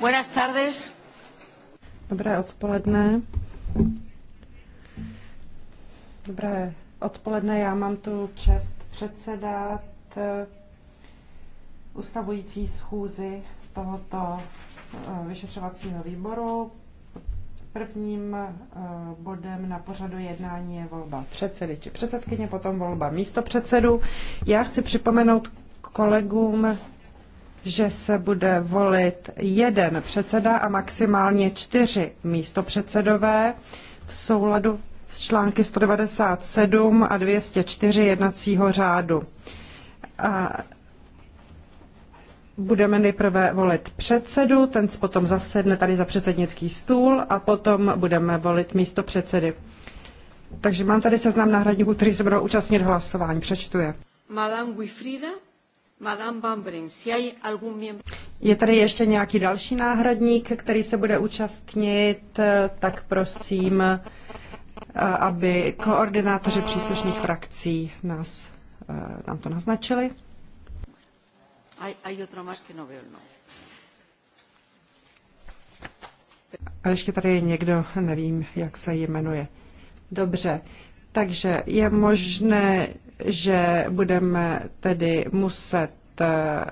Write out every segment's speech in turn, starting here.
Buenas tardes. Dobré odpoledne. Dobré odpoledne, já mám tu čest předsedat eh, ustavující schůzi tohoto eh, vyšetřovacího výboru. Prvním eh, bodem na pořadu jednání je volba předsedy či předsedkyně, potom volba místopředsedu. Já chci připomenout kolegům že se bude volit jeden předseda a maximálně čtyři místopředsedové v souladu s články 197 a 204 jednacího řádu. A budeme nejprve volit předsedu, ten potom zasedne tady za předsednický stůl a potom budeme volit místo předsedy. Takže mám tady seznam náhradníků, kteří se budou účastnit hlasování. Přečtu je. Madame Wifrida, je tady ještě nějaký další náhradník, který se bude účastnit, tak prosím, aby koordinátoři příslušných frakcí nás, eh, nám to naznačili. No no. A ještě tady je někdo, nevím, jak se jmenuje. Dobře, takže je možné, že budeme tedy muset Eh,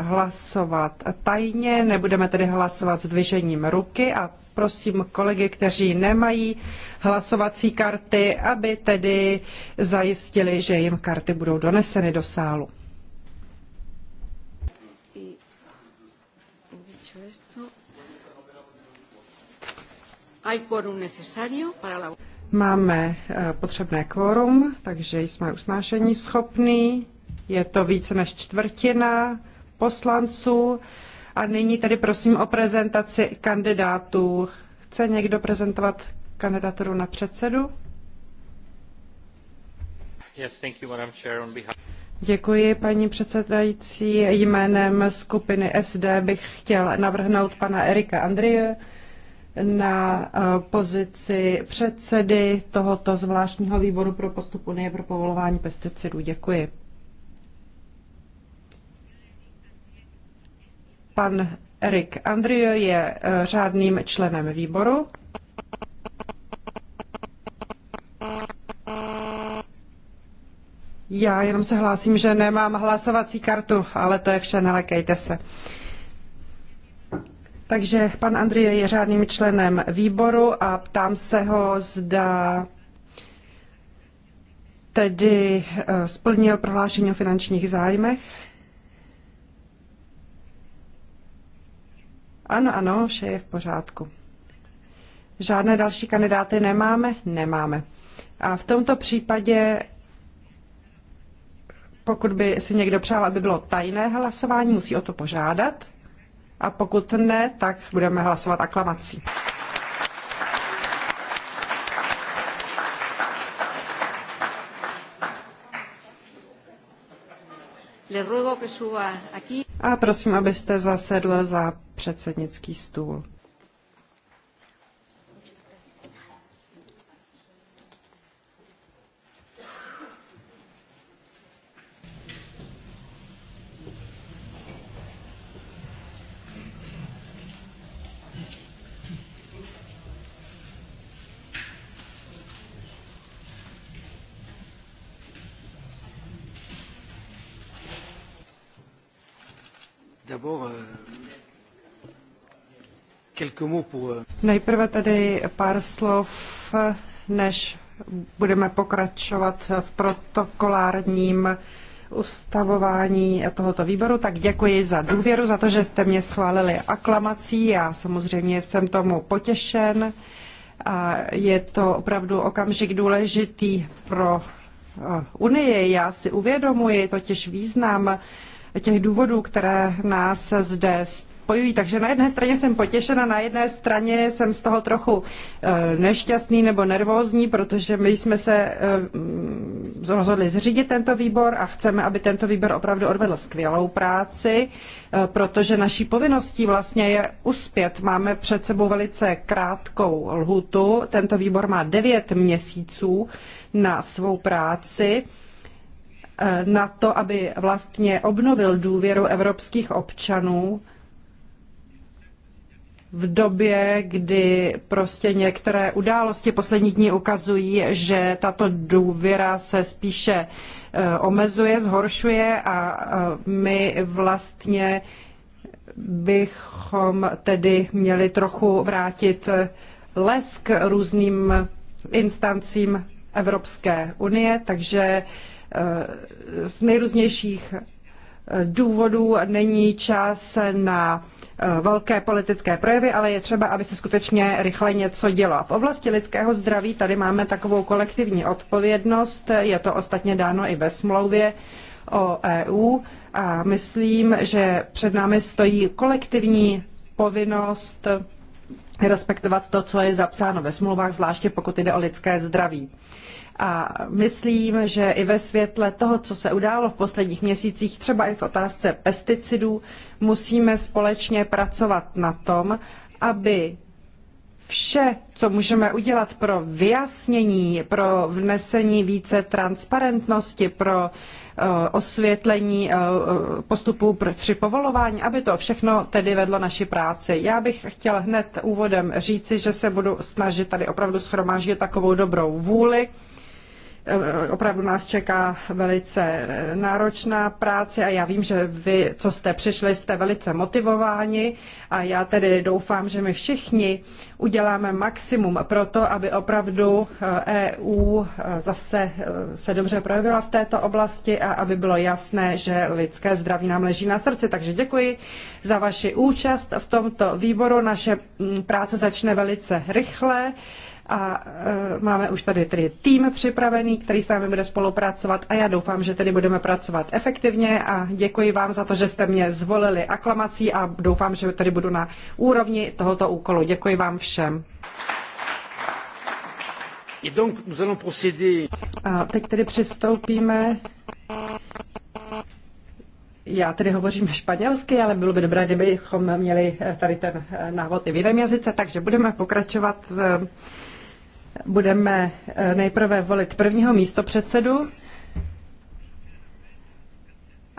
hlasovat tajně, nebudeme tedy hlasovat s dvižením ruky a prosím kolegy, kteří nemají hlasovací karty, aby tedy zajistili, že jim karty budou doneseny do sálu. Máme eh, potřebné kvorum, takže jsme usnášení schopní je to více než čtvrtina poslanců. A nyní tedy prosím o prezentaci kandidátů. Chce někdo prezentovat kandidaturu na předsedu? Yes, thank you, Madam Chair, on behalf... Děkuji, paní předsedající. Jménem skupiny SD bych chtěl navrhnout pana Erika Andrie na eh, pozici předsedy tohoto zvláštního výboru pro postup Unie pro povolování pesticidů. Děkuji. Pan Erik Andrio je eh, řádným členem výboru. Já jenom se hlásím, že nemám hlasovací kartu, ale to je vše, nelekejte se. Takže pan Andrie je řádným členem výboru a ptám se ho, zda tedy eh, splnil prohlášení o finančních zájmech. Ano, ano, vše je v pořádku. Žádné další kandidáty nemáme? Nemáme. A v tomto případě, pokud by si někdo přál, aby bylo tajné hlasování, musí o to požádat. A pokud ne, tak budeme hlasovat aklamací. Le ruego que suba aquí a prosím, abyste zasedl za předsednický stůl. Euh, Nejprve tedy pár slov, než budeme pokračovat v protokolárním ustavování tohoto výboru, tak děkuji za důvěru, za to, že jste mě schválili aklamací. Já samozřejmě jsem tomu potěšen. A je to opravdu okamžik důležitý pro eh, Unii. Já si uvědomuji totiž význam těch důvodů, které nás zde spíjí spojují. Takže na jedné straně jsem potěšena, na jedné straně jsem z toho trochu eh, nešťastný nebo nervózní, protože my jsme se eh, rozhodli zřídit tento výbor a chceme, aby tento výbor opravdu odvedl skvělou práci, eh, protože naší povinností vlastně je uspět. Máme před sebou velice krátkou lhutu. Tento výbor má devět měsíců na svou práci na to, aby vlastně obnovil důvěru evropských občanů v době, kdy prostě některé události poslední dní ukazují, že tato důvěra se spíše e, omezuje, zhoršuje a e, my vlastně bychom tedy měli trochu vrátit lesk různým instancím Evropské unie, takže e, z nejrůznějších důvodů není čas na eh, velké politické projevy, ale je třeba, aby se skutečně rychle něco dělo. V oblasti lidského zdraví tady máme takovou kolektivní odpovědnost, je to ostatně dáno i ve smlouvě o EU a myslím, že před námi stojí kolektivní povinnost respektovat to, co je zapsáno ve smlouvách, zvláště pokud jde o lidské zdraví. A myslím, že i ve světle toho, co se událo v posledních měsících, třeba i v otázce pesticidů, musíme společně pracovat na tom, aby vše, co můžeme udělat pro vyjasnění, pro vnesení více transparentnosti, pro eh, osvětlení eh, postupů při povolování, aby to všechno tedy vedlo naši práci. Já bych chtěl hned úvodem říci, že se budu snažit tady opravdu schromáždit takovou dobrou vůli, opravdu nás čeká velice náročná práce a já vím, že vy, co jste přišli, jste velice motivováni a já tedy doufám, že my všichni uděláme maximum pro to, aby opravdu EU eh, e eh, zase eh, se dobře projevila v této oblasti a aby bylo jasné, že lidské zdraví nám leží na srdci. Takže děkuji za vaši účast v tomto výboru. Naše mm, práce začne velice rychle a e, máme už tady tedy tým připravený, který s námi bude spolupracovat a já doufám, že tedy budeme pracovat efektivně a děkuji vám za to, že jste mě zvolili aklamací a doufám, že tady budu na úrovni tohoto úkolu. Děkuji vám všem. A teď tedy přistoupíme já tedy hovořím španělsky, ale bylo by dobré, kdybychom měli tady ten návod i v jiném jazyce, takže budeme pokračovat v Budeme eh, nejprve volit prvního místopředsedu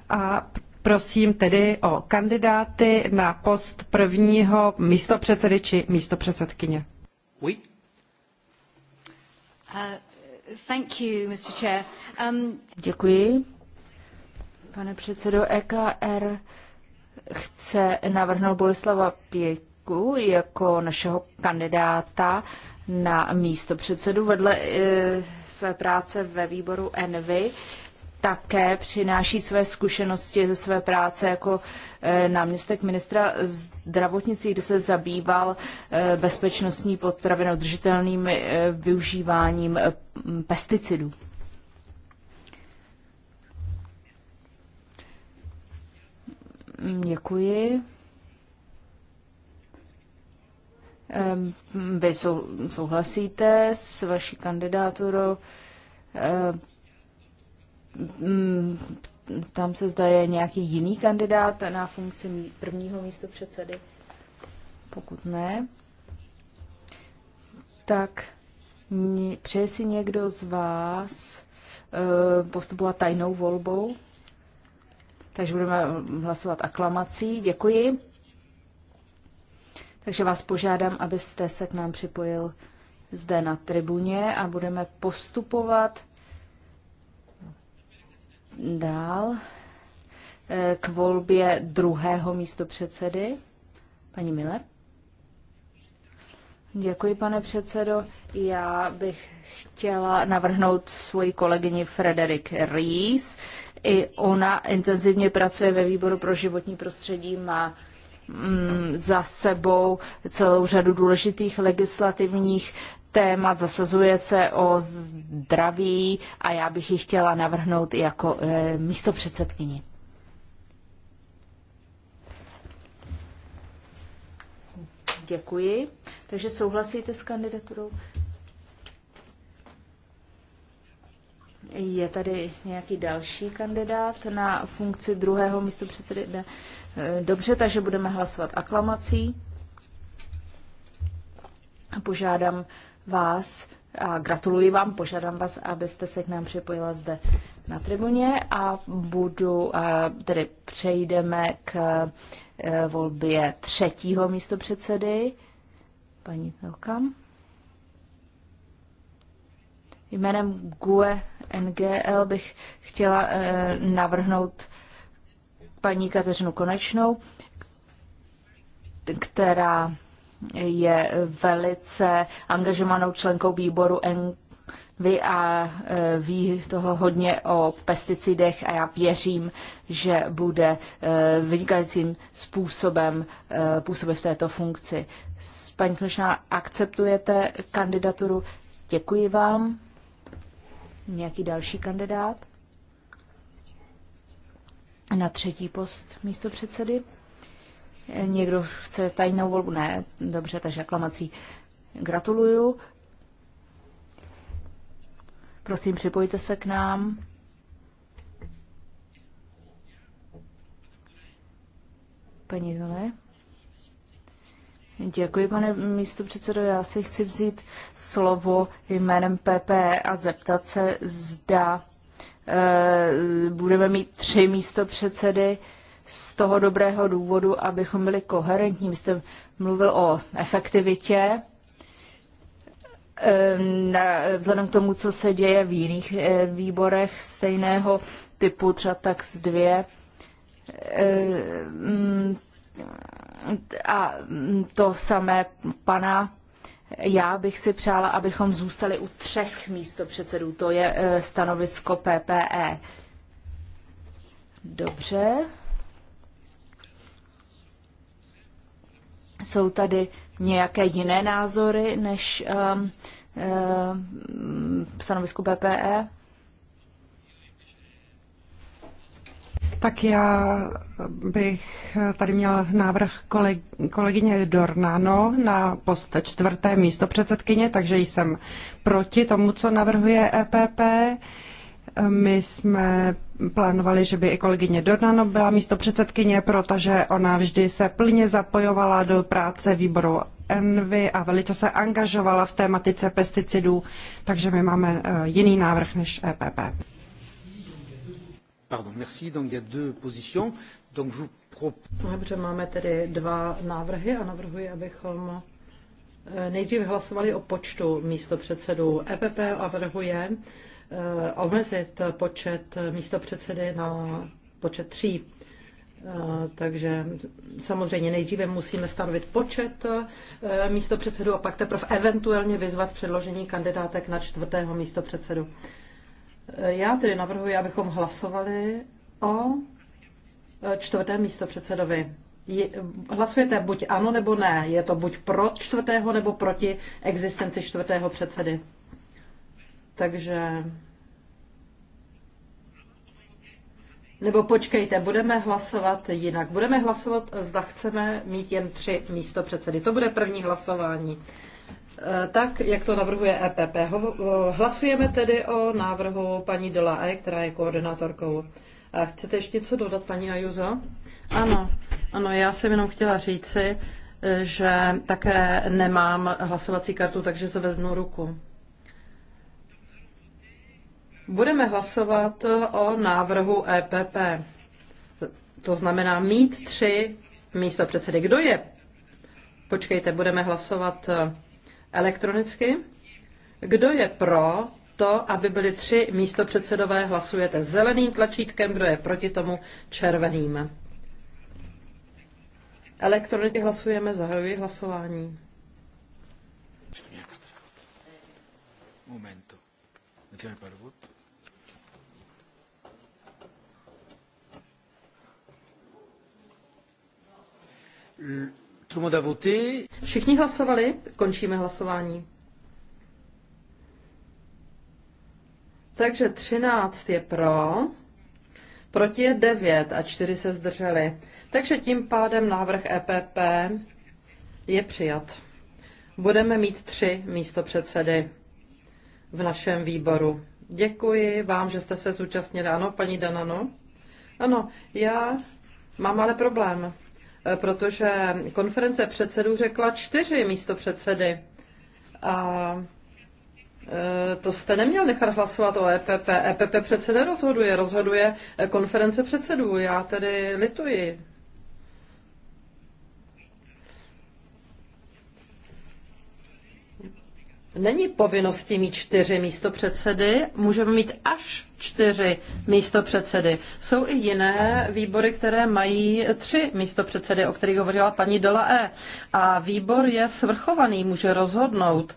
a prosím tedy o kandidáty na post prvního místopředsedy či místopředsedkyně. Oui. Uh, thank you, Mr. Chair. Um... Děkuji. Pane předsedo EKR chce navrhnout Bolislava Pěku jako našeho kandidáta na místo předsedu vedle e, své práce ve výboru Envy také přináší své zkušenosti ze své práce jako e, náměstek ministra zdravotnictví, kde se zabýval e, bezpečnostní potravin udržitelným využíváním pesticidů. Děkuji. Vy souhlasíte s vaší kandidáturou? Tam se zda je nějaký jiný kandidát na funkci prvního místo předsedy? Pokud ne, tak přeje si někdo z vás eh, postupovat tajnou volbou? Takže budeme hlasovat aklamací. Děkuji. Takže vás požádám, abyste se k nám připojil zde na tribuně a budeme postupovat dál eh, k volbě druhého místopředsedy. Paní Miller. Děkuji, pane předsedo. Já bych chtěla navrhnout svoji kolegyni Frederik Rees. I ona intenzivně pracuje ve výboru pro životní prostředí, má Mm, za sebou celou řadu důležitých legislativních témat, zasazuje se o zdraví a já bych ji chtěla navrhnout jako e, místo předsedkyni. Děkuji. Takže souhlasíte s kandidaturou? Je tady nějaký další kandidát na funkci druhého místo předsedy? Ne. E, dobře, takže budeme hlasovat aklamací. požádám vás a gratuluji vám, požádám vás, abyste se k nám připojila zde na tribuně a budu, e, tedy přejdeme k e, volbě třetího místo předsedy. Paní Velkam. Jménem GUE NGL bych chtěla eh, navrhnout paní Kateřinu Konečnou, která je velice angažovanou členkou výboru NV a eh, ví toho hodně o pesticidech a já věřím, že bude eh, vynikajícím způsobem působit v této funkci. Paní Konečná, akceptujete kandidaturu? Děkuji vám. Nějaký další kandidát? Na třetí post místo předsedy? Někdo chce tajnou volbu? Ne, dobře, takže aklamací. Gratuluju. Prosím, připojte se k nám. Paní Dole. Děkuji, pane místo předsedo. Já si chci vzít slovo jménem PP a zeptat se, zda e, budeme mít tři místo předsedy z toho dobrého důvodu, abychom byli koherentní. Vy jste mluvil o efektivitě, ehm, vzhledem k tomu, co se děje v jiných eh, výborech stejného typu, třeba tak z dvě, eh, mm, a to samé pana já bych si přála, abychom zůstali u třech místopředsedů. To je eh, stanovisko PPE. Dobře. Jsou tady nějaké jiné názory než um, um, stanovisko PPE? Tak já bych tady měl návrh kolegyně Dornano na post čtvrté místo předsedkyně, takže jsem proti tomu, co navrhuje EPP. My jsme plánovali, že by i kolegyně Dornano byla místo předsedkyně, protože ona vždy se plně zapojovala do práce výboru Envy a velice se angažovala v tématice pesticidů, takže my máme eh, jiný návrh než EPP. Pardon, merci. Donc il y a deux positions. Donc je Dobře, máme tedy dva návrhy a navrhuji, abychom eh, nejdřív hlasovali o počtu místo předsedů. EPP navrhuje eh, omezit počet místo předsedy na počet tří. Eh, takže samozřejmě nejdříve musíme stanovit počet místo předsedu a pak teprve eventuálně vyzvat předložení kandidátek na čtvrtého místo předsedu. Já tedy navrhuji, abychom hlasovali o e, čtvrtém místo předsedovi. Hlasujete buď ano nebo ne. Je to buď pro čtvrtého nebo proti existenci čtvrtého předsedy. Takže Nebo počkejte, budeme hlasovat jinak. Budeme hlasovat, zda chceme mít jen tři místo předsedy. To bude první hlasování. Eh, tak, jak to navrhuje EPP. Eh, hlasujeme tedy o návrhu paní Dolae, která je koordinátorkou. A chcete ještě něco dodat, paní Ajuza? Ano, ano, já jsem jenom chtěla říci, eh, že také nemám hlasovací kartu, takže zvednu ruku. Budeme hlasovat o návrhu EPP. To znamená mít tři místo předsedy. Kdo je? Počkejte, budeme hlasovat elektronicky. Kdo je pro to, aby byly tři místopředsedové, hlasujete zeleným tlačítkem, kdo je proti tomu červeným. Elektronicky hlasujeme, zahajuji hlasování. Momento. Tout le monde a voté. Všichni hlasovali? Končíme hlasování. Takže 13 je pro, proti je 9 a 4 se zdrželi. Takže tím pádem návrh EPP je přijat. Budeme mít tři místo předsedy v našem výboru. Děkuji vám, že jste se zúčastnili. Ano, paní Danano? Ano, já mám ale problém protože konference předsedů řekla čtyři místo předsedy. A e, to jste neměl nechat hlasovat o EPP. EPP přece nerozhoduje, rozhoduje konference předsedů. Já tedy lituji. Není povinností mít čtyři místopředsedy, můžeme mít až čtyři místopředsedy. Jsou i jiné výbory, které mají tři místopředsedy, o kterých hovořila paní Dela E. A výbor je svrchovaný, může rozhodnout,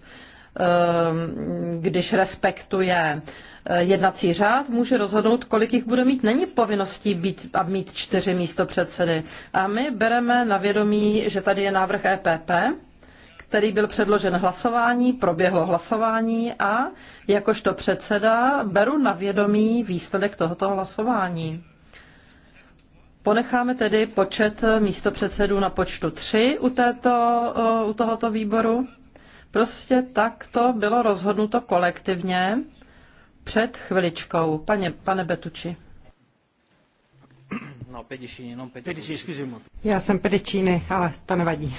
ehm, když respektuje eh, jednací řád, může rozhodnout, kolik jich bude mít. Není povinností být a mít čtyři místopředsedy. A my bereme na vědomí, že tady je návrh EPP, který byl předložen hlasování, proběhlo hlasování a jakožto předseda beru na vědomí výsledek tohoto hlasování. Ponecháme tedy počet místopředsedů na počtu 3 u, této, u tohoto výboru. Prostě tak to bylo rozhodnuto kolektivně před chviličkou. Pane, pane Betuči. No, jenom non pedicini. Já jsem pedičíny, ale to nevadí.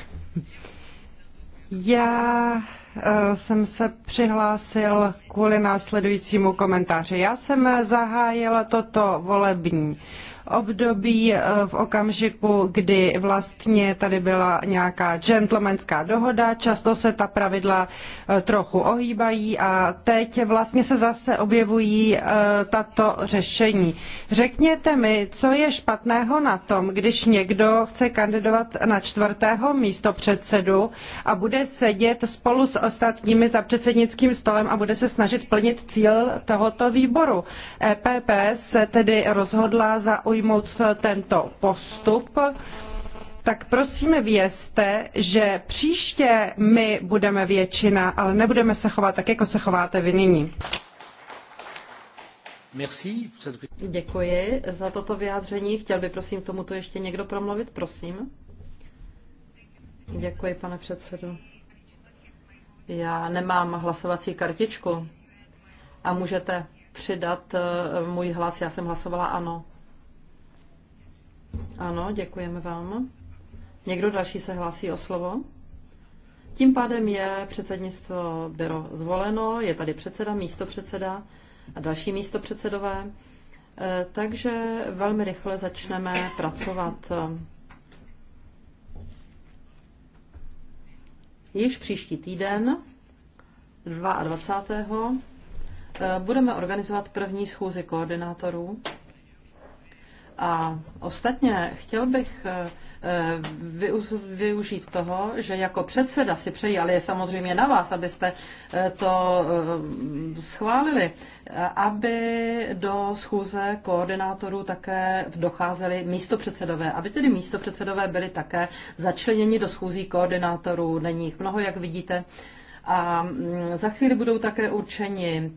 Já Eh, jsem se přihlásil kvůli následujícímu komentáři. Já jsem zahájila toto volební období eh, v okamžiku, kdy vlastně tady byla nějaká gentlemanská dohoda, často se ta pravidla eh, trochu ohýbají a teď vlastně se zase objevují tato řešení. Řekněte mi, co je špatného na tom, když někdo chce kandidovat na čtvrtého místo předsedu a bude sedět spolu s ostatními za předsednickým stolem a bude se snažit plnit cíl tohoto výboru. EPP se tedy rozhodla zaujmout tento postup tak prosím vězte, že příště my budeme většina, ale nebudeme se chovat tak, jako se chováte vy nyní. Merci. Děkuji za toto vyjádření. Chtěl by prosím tomuto ještě někdo promluvit, prosím. Děkuji, pane předsedo. Já nemám hlasovací kartičku a můžete přidat eh, můj hlas. Já jsem hlasovala ano. Ano, děkujeme vám. Někdo další se hlásí o slovo? Tím pádem je předsednictvo bylo zvoleno, je tady předseda, místopředseda a další místopředsedové. Eh, takže velmi rychle začneme pracovat. Již příští týden, 22. Eh, budeme organizovat první schůzi koordinátorů. A ostatně chtěl bych eh, Eh, využít toho, že jako předseda si přeji, ale je samozřejmě na vás, abyste eh, to eh, schválili, aby do schůze koordinátorů také docházeli místopředsedové, aby tedy místopředsedové byli také začleněni do schůzí koordinátorů. Není jich mnoho, jak vidíte. A mm, za chvíli budou také určeni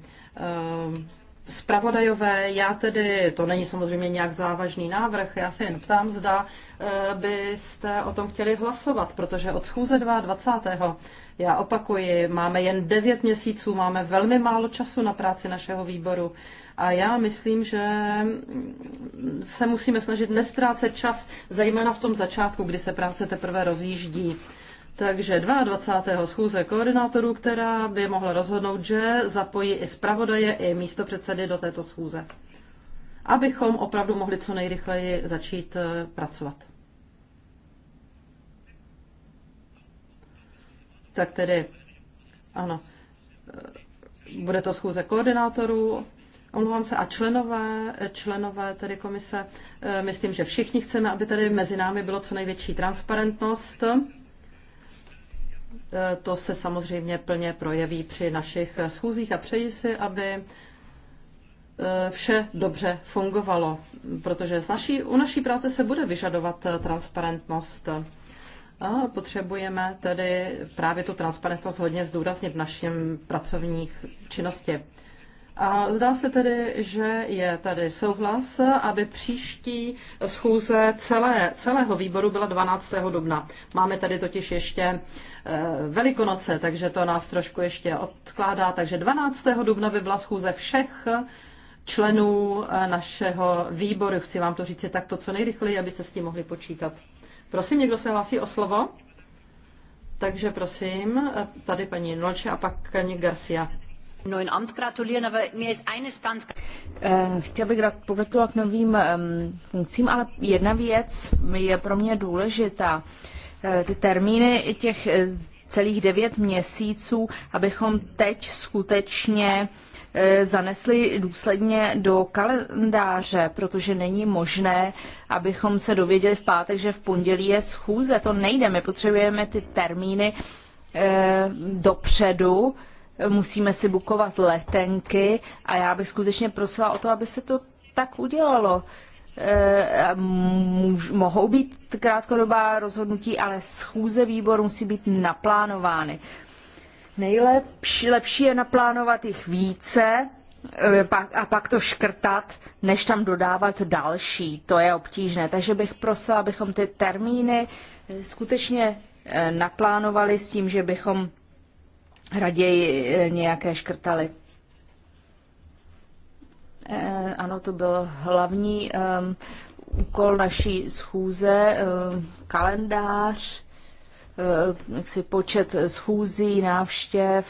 Spravodajové, já tedy, to není samozřejmě nějak závažný návrh, já se jen ptám, zda eh, byste o tom chtěli hlasovat, protože od schůze 22. Já opakuji, máme jen 9 měsíců, máme velmi málo času na práci našeho výboru a já myslím, že mm, se musíme snažit nestrácet čas, zejména v tom začátku, kdy se práce teprve rozjíždí. Takže 22. schůze koordinátorů, která by mohla rozhodnout, že zapojí i zpravodaje, i místo předsedy do této schůze, abychom opravdu mohli co nejrychleji začít eh, pracovat. Tak tedy, ano, eh, bude to schůze koordinátorů, Omlouvám se, a členové, členové tedy komise, eh, myslím, že všichni chceme, aby tady mezi námi bylo co největší transparentnost. Eh, to se samozřejmě plně projeví při našich schůzích a přeji si, aby eh, vše dobře fungovalo, protože z naší, u naší práce se bude vyžadovat eh, transparentnost. A potřebujeme tedy právě tu transparentnost hodně zdůraznit v našem pracovních činnosti. A zdá se tedy, že je tady souhlas, aby příští schůze celé, celého výboru byla 12. dubna. Máme tady totiž ještě eh, Velikonoce, takže to nás trošku ještě odkládá. Takže 12. dubna by byla schůze všech členů eh, našeho výboru. Chci vám to říct takto co nejrychleji, abyste s tím mohli počítat. Prosím, někdo se hlásí o slovo? Takže prosím, eh, tady paní Nolče a pak paní Garcia. Eh, chtěl bych pogratulovat k novým funkcím, ale jedna věc je pro mě důležitá. Eh, ty termíny těch eh, celých devět měsíců, abychom teď skutečně zanesli důsledně do kalendáře, protože není možné, abychom se dověděli v pátek, že v pondělí je schůze. To nejde. My potřebujeme ty termíny dopředu, musíme si bukovat letenky a já bych skutečně prosila o to, aby se to tak udělalo. E, můž, mohou být krátkodobá rozhodnutí, ale schůze výboru musí být naplánovány. Nejlepší lepší je naplánovat jich více e, a pak to škrtat, než tam dodávat další. To je obtížné. Takže bych prosila, abychom ty termíny skutečně e, naplánovali s tím, že bychom raději eh, nějaké škrtaly. Eh, ano, to byl hlavní um, úkol naší schůze, um, kalendář, um, jaksi počet schůzí, návštěv,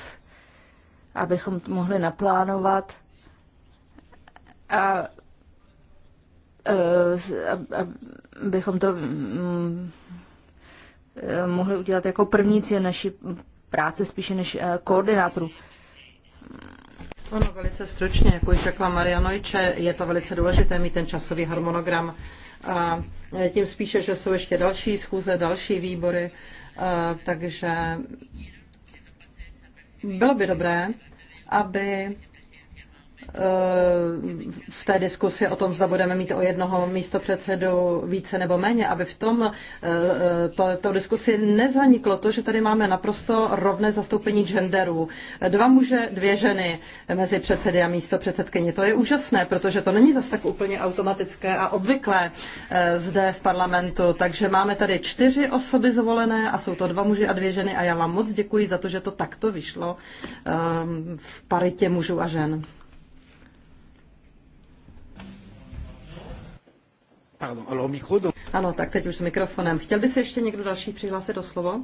abychom to mohli naplánovat. A abychom to mm, mohli udělat jako první cíl naší práce spíše než eh, koordinátorů. Ono velice stručně, jak už řekla Maria Nojče, je to velice důležité mít ten časový harmonogram. A eh, tím spíše, že jsou ještě další schůze, další výbory, eh, takže bylo by dobré, aby Eh, v té diskusi o tom, zda budeme mít o jednoho místo předsedu více nebo méně, aby v tom eh, eh, to, to diskusi nezaniklo to, že tady máme naprosto rovné zastoupení genderů. Dva muže, dvě ženy mezi předsedy a místo předsedkyně. To je úžasné, protože to není zas tak úplně automatické a obvyklé zde v parlamentu. Takže máme tady čtyři osoby zvolené a jsou to dva muži a dvě ženy a já vám moc děkuji za to, že to takto vyšlo v paritě mužů a žen. Pardon, alo, mikro, donc... Ano, tak teď už s mikrofonem. Chtěl by se ještě někdo další přihlásit do slovo?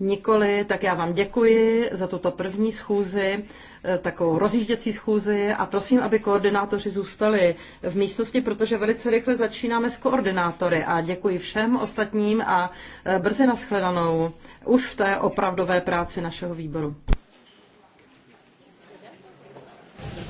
Nikoli, tak já vám děkuji za tuto první schůzi, eh, takovou rozjížděcí schůzi a prosím, aby koordinátoři zůstali v místnosti, protože velice rychle začínáme s koordinátory a děkuji všem ostatním a eh, brzy nashledanou už v té opravdové práci našeho výboru.